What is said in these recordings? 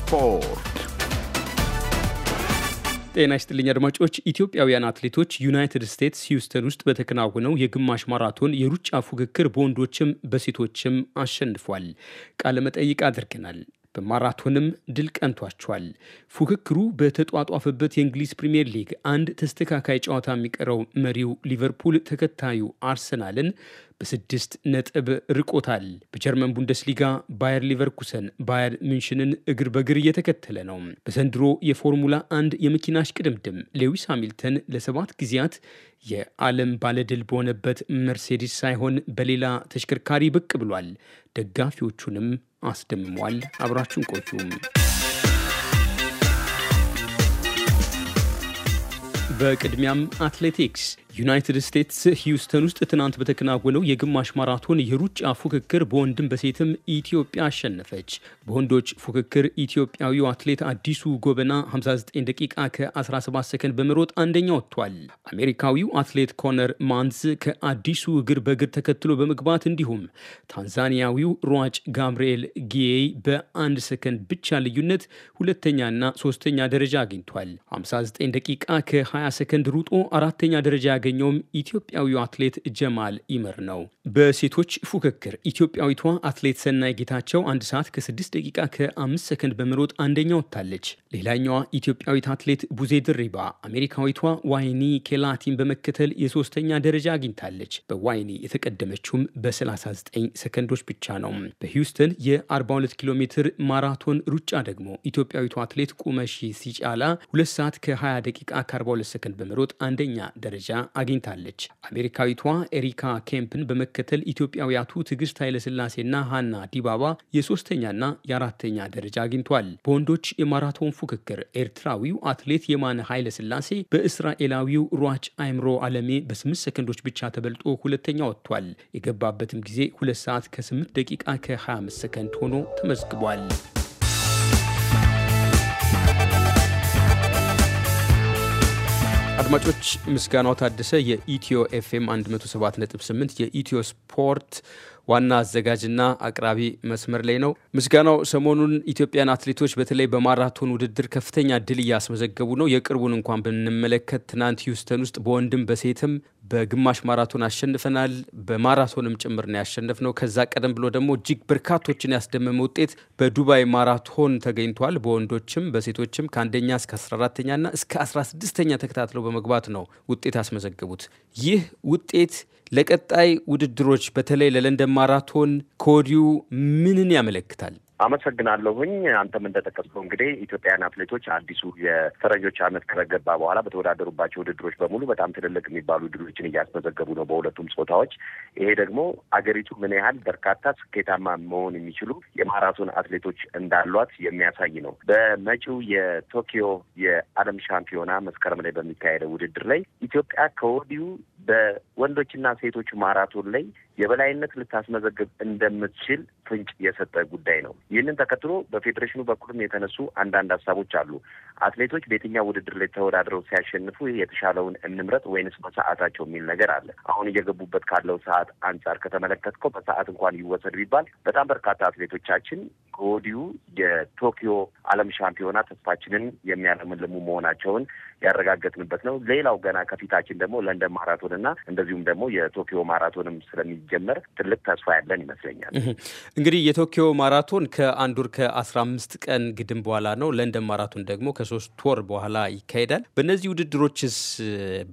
ስፖርት ጤና ይስጥልኝ አድማጮች። ኢትዮጵያውያን አትሌቶች ዩናይትድ ስቴትስ ሂውስተን ውስጥ በተከናወነው የግማሽ ማራቶን የሩጫ ፉክክር በወንዶችም በሴቶችም አሸንፏል። ቃለመጠይቅ አድርገናል። በማራቶንም ድል ቀንቷቸዋል። ፉክክሩ በተጧጧፈበት የእንግሊዝ ፕሪምየር ሊግ አንድ ተስተካካይ ጨዋታ የሚቀረው መሪው ሊቨርፑል ተከታዩ አርሰናልን በስድስት ነጥብ ርቆታል። በጀርመን ቡንደስሊጋ ባየር ሊቨርኩሰን ባየር ሚንሽንን እግር በእግር እየተከተለ ነው። በዘንድሮ የፎርሙላ አንድ የመኪና እሽቅድምድም ሌዊስ ሃሚልተን ለሰባት ጊዜያት የዓለም ባለድል በሆነበት መርሴዲስ ሳይሆን በሌላ ተሽከርካሪ ብቅ ብሏል። ደጋፊዎቹንም አስደምሟል። አብራችን ቆዩም በቅድሚያም አትሌቲክስ ዩናይትድ ስቴትስ ሂውስተን ውስጥ ትናንት በተከናወነው የግማሽ ማራቶን የሩጫ ፉክክር በወንድም በሴትም ኢትዮጵያ አሸነፈች። በወንዶች ፉክክር ኢትዮጵያዊው አትሌት አዲሱ ጎበና 59 ደቂቃ ከ17 ሰከንድ በመሮጥ አንደኛ ወጥቷል። አሜሪካዊው አትሌት ኮነር ማንዝ ከአዲሱ እግር በእግር ተከትሎ በመግባት እንዲሁም ታንዛኒያዊው ሯጭ ጋብርኤል ጊዬ በአንድ ሰከንድ ብቻ ልዩነት ሁለተኛና ሶስተኛ ደረጃ አግኝቷል። 59 ደቂቃ ከ20 20 ሰከንድ ሩጦ አራተኛ ደረጃ ያገኘውም ኢትዮጵያዊው አትሌት ጀማል ይመር ነው። በሴቶች ፉክክር ኢትዮጵያዊቷ አትሌት ሰናይ ጌታቸው አንድ ሰዓት ከ6 ደቂቃ ከ5 ሰከንድ በመሮጥ አንደኛ ወጥታለች። ሌላኛዋ ኢትዮጵያዊት አትሌት ቡዜ ድሪባ አሜሪካዊቷ ዋይኒ ኬላቲን በመከተል የሶስተኛ ደረጃ አግኝታለች። በዋይኒ የተቀደመችውም በ39 ሰከንዶች ብቻ ነው። በሂውስተን የ42 ኪሎ ሜትር ማራቶን ሩጫ ደግሞ ኢትዮጵያዊቷ አትሌት ቁመሺ ሲጫላ 2 ሰዓት ከ20 ደቂቃ ከ42 ሞተርሳይክል በመሮጥ አንደኛ ደረጃ አግኝታለች። አሜሪካዊቷ ኤሪካ ኬምፕን በመከተል ኢትዮጵያውያቱ ትዕግስት ኃይለስላሴና ሀና ዲባባ የሶስተኛና የአራተኛ ደረጃ አግኝቷል። በወንዶች የማራቶን ፉክክር ኤርትራዊው አትሌት የማነ ኃይለስላሴ በእስራኤላዊው ሯጭ አይምሮ አለሜ በስምንት ሰከንዶች ብቻ ተበልጦ ሁለተኛ ወጥቷል። የገባበትም ጊዜ ሁለት ሰዓት ከ8 ደቂቃ ከ25 ሰከንድ ሆኖ ተመዝግቧል። አድማጮች ምስጋናው ታደሰ የኢትዮ ኤፍኤም 107.8 የኢትዮ ስፖርት ዋና አዘጋጅና አቅራቢ መስመር ላይ ነው። ምስጋናው ሰሞኑን ኢትዮጵያን አትሌቶች በተለይ በማራቶን ውድድር ከፍተኛ ድል እያስመዘገቡ ነው። የቅርቡን እንኳን ብንመለከት ትናንት ሂውስተን ውስጥ በወንድም በሴትም በግማሽ ማራቶን አሸንፈናል። በማራቶንም ጭምር ነው ያሸነፍነው። ከዛ ቀደም ብሎ ደግሞ እጅግ በርካቶችን ያስደመመ ውጤት በዱባይ ማራቶን ተገኝቷል። በወንዶችም በሴቶችም ከአንደኛ እስከ 14 ና እስከ 16ተኛ ተከታትለው በመግባት ነው ውጤት ያስመዘገቡት። ይህ ውጤት ለቀጣይ ውድድሮች በተለይ ለለንደን ማራቶን ከወዲሁ ምንን ያመለክታል? አመሰግናለሁኝ። አንተም እንደጠቀስከው እንግዲህ ኢትዮጵያውያን አትሌቶች አዲሱ የፈረንጆች ዓመት ከገባ በኋላ በተወዳደሩባቸው ውድድሮች በሙሉ በጣም ትልልቅ የሚባሉ ድሎችን እያስመዘገቡ ነው በሁለቱም ጾታዎች። ይሄ ደግሞ አገሪቱ ምን ያህል በርካታ ስኬታማ መሆን የሚችሉ የማራቶን አትሌቶች እንዳሏት የሚያሳይ ነው። በመጪው የቶኪዮ የዓለም ሻምፒዮና መስከረም ላይ በሚካሄደው ውድድር ላይ ኢትዮጵያ ከወዲሁ በወንዶችና ሴቶች ማራቶን ላይ የበላይነት ልታስመዘግብ እንደምትችል ፍንጭ የሰጠ ጉዳይ ነው። ይህንን ተከትሎ በፌዴሬሽኑ በኩልም የተነሱ አንዳንድ ሀሳቦች አሉ። አትሌቶች በየትኛው ውድድር ላይ ተወዳድረው ሲያሸንፉ የተሻለውን እንምረጥ ወይንስ በሰዓታቸው የሚል ነገር አለ። አሁን እየገቡበት ካለው ሰዓት አንጻር ከተመለከትከው በሰዓት እንኳን ይወሰድ ቢባል በጣም በርካታ አትሌቶቻችን ከወዲሁ የቶኪዮ ዓለም ሻምፒዮና ተስፋችንን የሚያለምልሙ መሆናቸውን ያረጋገጥንበት ነው። ሌላው ገና ከፊታችን ደግሞ ለንደን ማራቶን እና እንደዚሁም ደግሞ የቶኪዮ ማራቶንም ስለሚጀመር ትልቅ ተስፋ ያለን ይመስለኛል። እንግዲህ የቶኪዮ ማራቶን ከአንድ ወር ከአስራ አምስት ቀን ግድም በኋላ ነው። ለንደን ማራቶን ደግሞ ከ ከሶስት ወር በኋላ ይካሄዳል። በእነዚህ ውድድሮችስ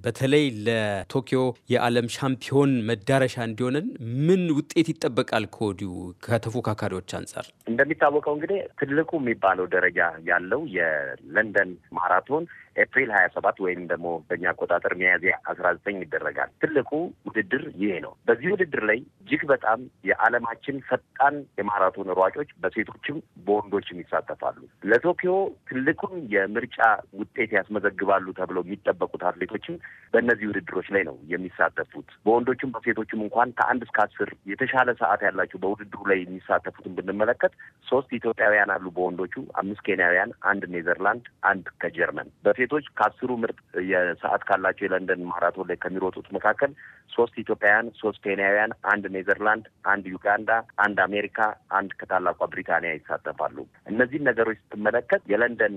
በተለይ ለቶኪዮ የዓለም ሻምፒዮን መዳረሻ እንዲሆነን ምን ውጤት ይጠበቃል ከወዲሁ ከተፎካካሪዎች አንጻር? እንደሚታወቀው እንግዲህ ትልቁ የሚባለው ደረጃ ያለው የለንደን ማራቶን ኤፕሪል ሀያ ሰባት ወይም ደግሞ በእኛ አቆጣጠር ሚያዝያ አስራ ዘጠኝ ይደረጋል። ትልቁ ውድድር ይሄ ነው። በዚህ ውድድር ላይ እጅግ በጣም የዓለማችን ፈጣን የማራቶን ሯጮች በሴቶችም በወንዶችም ይሳተፋሉ። ለቶኪዮ ትልቁን የ የምርጫ ውጤት ያስመዘግባሉ ተብለው የሚጠበቁት አትሌቶችም በእነዚህ ውድድሮች ላይ ነው የሚሳተፉት። በወንዶችም በሴቶችም እንኳን ከአንድ እስከ አስር የተሻለ ሰዓት ያላቸው በውድድሩ ላይ የሚሳተፉትን ብንመለከት ሶስት ኢትዮጵያውያን አሉ በወንዶቹ፣ አምስት ኬንያውያን፣ አንድ ኔዘርላንድ፣ አንድ ከጀርመን። በሴቶች ከአስሩ ምርጥ የሰዓት ካላቸው የለንደን ማራቶን ላይ ከሚሮጡት መካከል ሶስት ኢትዮጵያውያን፣ ሶስት ኬንያውያን፣ አንድ ኔዘርላንድ፣ አንድ ዩጋንዳ፣ አንድ አሜሪካ፣ አንድ ከታላቋ ብሪታንያ ይሳተፋሉ። እነዚህን ነገሮች ስትመለከት የለንደን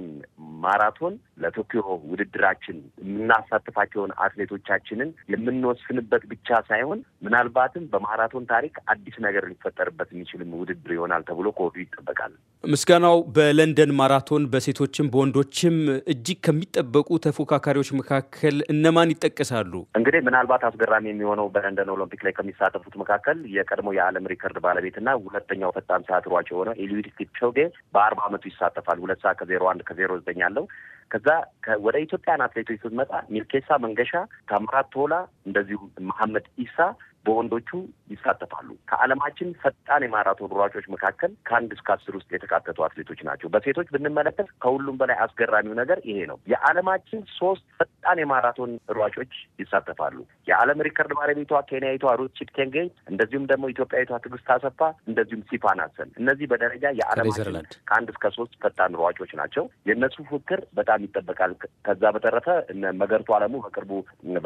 ማራቶን ለቶኪዮ ውድድራችን የምናሳትፋቸውን አትሌቶቻችንን የምንወስንበት ብቻ ሳይሆን ምናልባትም በማራቶን ታሪክ አዲስ ነገር ሊፈጠርበት የሚችልም ውድድር ይሆናል ተብሎ ከወዲሁ ይጠበቃል። ምስጋናው በለንደን ማራቶን በሴቶችም በወንዶችም እጅግ ከሚጠበቁ ተፎካካሪዎች መካከል እነማን ይጠቀሳሉ? እንግዲህ ምናልባት አስገራሚ የሚሆነው በለንደን ኦሎምፒክ ላይ ከሚሳተፉት መካከል የቀድሞ የዓለም ሪከርድ ባለቤትና ሁለተኛው ፈጣን ሰዓት ሯጭ የሆነ ኤልዩድ ኪፕቾጌ በአርባ አመቱ ይሳተፋል። ሁለት ሰዓት ከዜሮ አንድ ከዜሮ ዘጠኝ አለው። ከዛ ወደ ኢትዮጵያን አትሌቶች ስትመጣ ሚልኬሳ መንገሻ፣ ታምራት ቶላ እንደዚሁ መሐመድ ኢሳ በወንዶቹ ይሳተፋሉ። ከዓለማችን ፈጣን የማራቶን ሯጮች መካከል ከአንድ እስከ አስር ውስጥ የተካተቱ አትሌቶች ናቸው። በሴቶች ብንመለከት ከሁሉም በላይ አስገራሚው ነገር ይሄ ነው። የዓለማችን ሶስት ፈጣን የማራቶን ሯጮች ይሳተፋሉ። የዓለም ሪከርድ ባለቤቷ ኬንያዊቷ ሩት ቺፕቴንጌ፣ እንደዚሁም ደግሞ ኢትዮጵያዊቷ ትዕግስት አሰፋ፣ እንደዚሁም ሲፋን ሀሰን እነዚህ በደረጃ የዓለማችን ከአንድ እስከ ሶስት ፈጣን ሯጮች ናቸው። የእነሱ ፉክክር በጣም ይጠበቃል። ከዛ በተረፈ መገርቱ አለሙ በቅርቡ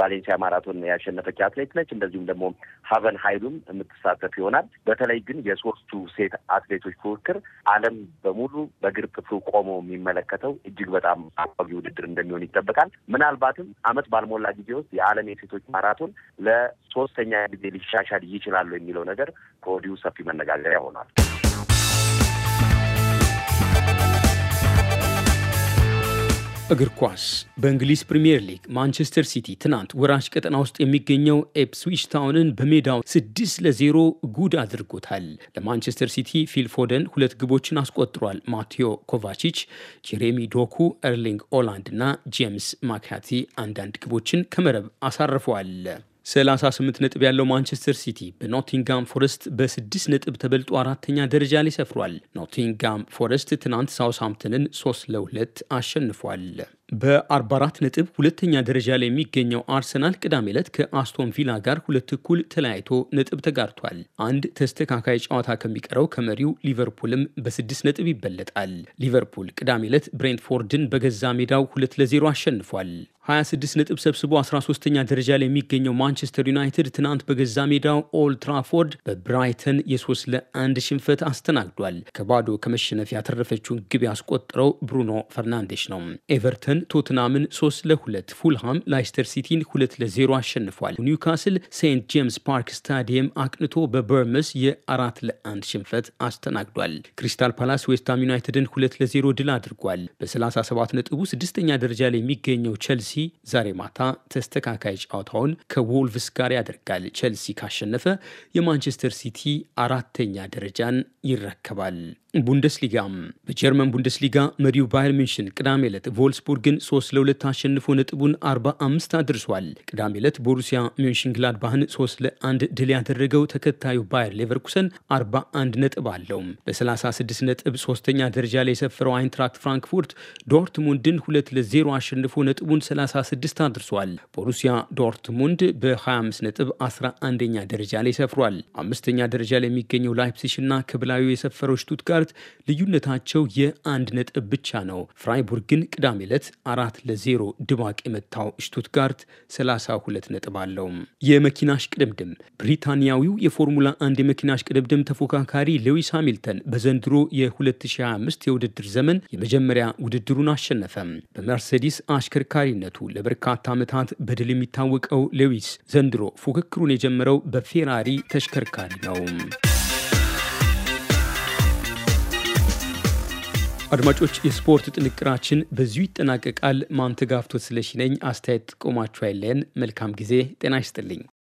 ቫሌንሲያ ማራቶን ያሸነፈች አትሌት ነች። እንደዚሁም ደግሞ ሀበን ሀይሉም የምትሳተፍ ይሆናል። በተለይ ግን የሶስቱ ሴት አትሌቶች ፉክክር ዓለም በሙሉ በእግር ጥፍሩ ቆሞ የሚመለከተው እጅግ በጣም አጓጊ ውድድር እንደሚሆን ይጠበቃል። ምናልባትም ዓመት ባልሞላ ጊዜ ውስጥ የዓለም የሴቶች ማራቶን ለሶስተኛ ጊዜ ሊሻሻል ይችላሉ የሚለው ነገር ከወዲሁ ሰፊ መነጋገሪያ ሆኗል። እግር ኳስ በእንግሊዝ ፕሪምየር ሊግ ማንቸስተር ሲቲ ትናንት ወራሽ ቀጠና ውስጥ የሚገኘው ኤፕስዊች ታውንን በሜዳው ስድስት ለዜሮ ጉድ አድርጎታል። ለማንቸስተር ሲቲ ፊል ፎደን ሁለት ግቦችን አስቆጥሯል። ማቴዮ ኮቫቺች፣ ጄሬሚ ዶኩ፣ ኤርሊንግ ኦላንድ እና ጄምስ ማካቲ አንዳንድ ግቦችን ከመረብ አሳርፈዋል። 38 ነጥብ ያለው ማንቸስተር ሲቲ በኖቲንጋም ፎረስት በ6 ነጥብ ተበልጦ አራተኛ ደረጃ ላይ ሰፍሯል። ኖቲንጋም ፎረስት ትናንት ሳውስሃምፕተንን 3 ለ2 አሸንፏል። በ44 ነጥብ ሁለተኛ ደረጃ ላይ የሚገኘው አርሰናል ቅዳሜ ዕለት ከአስቶን ቪላ ጋር ሁለት እኩል ተለያይቶ ነጥብ ተጋርቷል። አንድ ተስተካካይ ጨዋታ ከሚቀረው ከመሪው ሊቨርፑልም በስድስት ነጥብ ይበለጣል። ሊቨርፑል ቅዳሜ ዕለት ብሬንትፎርድን በገዛ ሜዳው ሁለት ለዜሮ አሸንፏል። 26 ነጥብ ሰብስቦ 13 ተኛ ደረጃ ላይ የሚገኘው ማንቸስተር ዩናይትድ ትናንት በገዛ ሜዳው ኦልድ ትራፎርድ በብራይተን የ3 ለ1 ሽንፈት አስተናግዷል። ከባዶ ከመሸነፍ ያተረፈችውን ግብ ያስቆጠረው ብሩኖ ፈርናንዴሽ ነው። ኤቨርተን ብራይተን ቶትናምን 3 ለ2፣ ፉልሃም ላይስተር ሲቲን 2 ለ0 አሸንፏል። ኒውካስል ሴንት ጄምስ ፓርክ ስታዲየም አቅንቶ በበርመስ የአራት 1 ሽንፈት አስተናግዷል። ክሪስታል ፓላስ ዌስትሃም ዩናይትድን 2 ለዜሮ ድል አድርጓል። በ37 ነጥቡ ስድስተኛ ደረጃ ላይ የሚገኘው ቸልሲ ዛሬ ማታ ተስተካካይ ጨዋታውን ከዎልቭስ ጋር ያደርጋል። ቸልሲ ካሸነፈ የማንቸስተር ሲቲ አራተኛ ደረጃን ይረከባል። ቡንደስሊጋ በጀርመን ቡንደስሊጋ መሪው ባየር ሚንሽን ቅዳሜ ዕለት ቮልስቡርግን 3 ለሁለት አሸንፎ ነጥቡን 45 አድርሷል። ቅዳሜ ዕለት ቦሩሲያ ሚንሽን ግላድባህን 3 ለአንድ ድል ያደረገው ተከታዩ ባየር ሌቨርኩሰን 41 ነጥብ አለው። በ36 ነጥብ ሶስተኛ ደረጃ ላይ የሰፈረው አይንትራክት ፍራንክፉርት ዶርትሙንድን 2 ለ0 አሸንፎ ነጥቡን 36 አድርሷል። ቦሩሲያ ዶርትሙንድ በ25 ነጥብ 11ኛ ደረጃ ላይ ሰፍሯል። አምስተኛ ደረጃ ላይ የሚገኘው ላይፕሲሽና ከብላዩ የሰፈረው ሽቱትጋር ስቱትጋርት ልዩነታቸው የአንድ ነጥብ ብቻ ነው። ፍራይቡርግን ቅዳሜ ዕለት አራት ለዜሮ ድባቅ የመታው ስቱትጋርት 32 ነጥብ አለው። የመኪና ሽቅድምድም ብሪታንያዊው የፎርሙላ አንድ የመኪና ሽቅድምድም ተፎካካሪ ሌዊስ ሃሚልተን በዘንድሮ የ2025 የውድድር ዘመን የመጀመሪያ ውድድሩን አሸነፈ። በመርሴዲስ አሽከርካሪነቱ ለበርካታ ዓመታት በድል የሚታወቀው ሌዊስ ዘንድሮ ፉክክሩን የጀመረው በፌራሪ ተሽከርካሪ ነው። አድማጮች የስፖርት ጥንቅራችን በዚሁ ይጠናቀቃል። ማንተጋፍቶት ስለሽነኝ አስተያየት ጥቆማችሁ አይለን መልካም ጊዜ። ጤና ይስጥልኝ።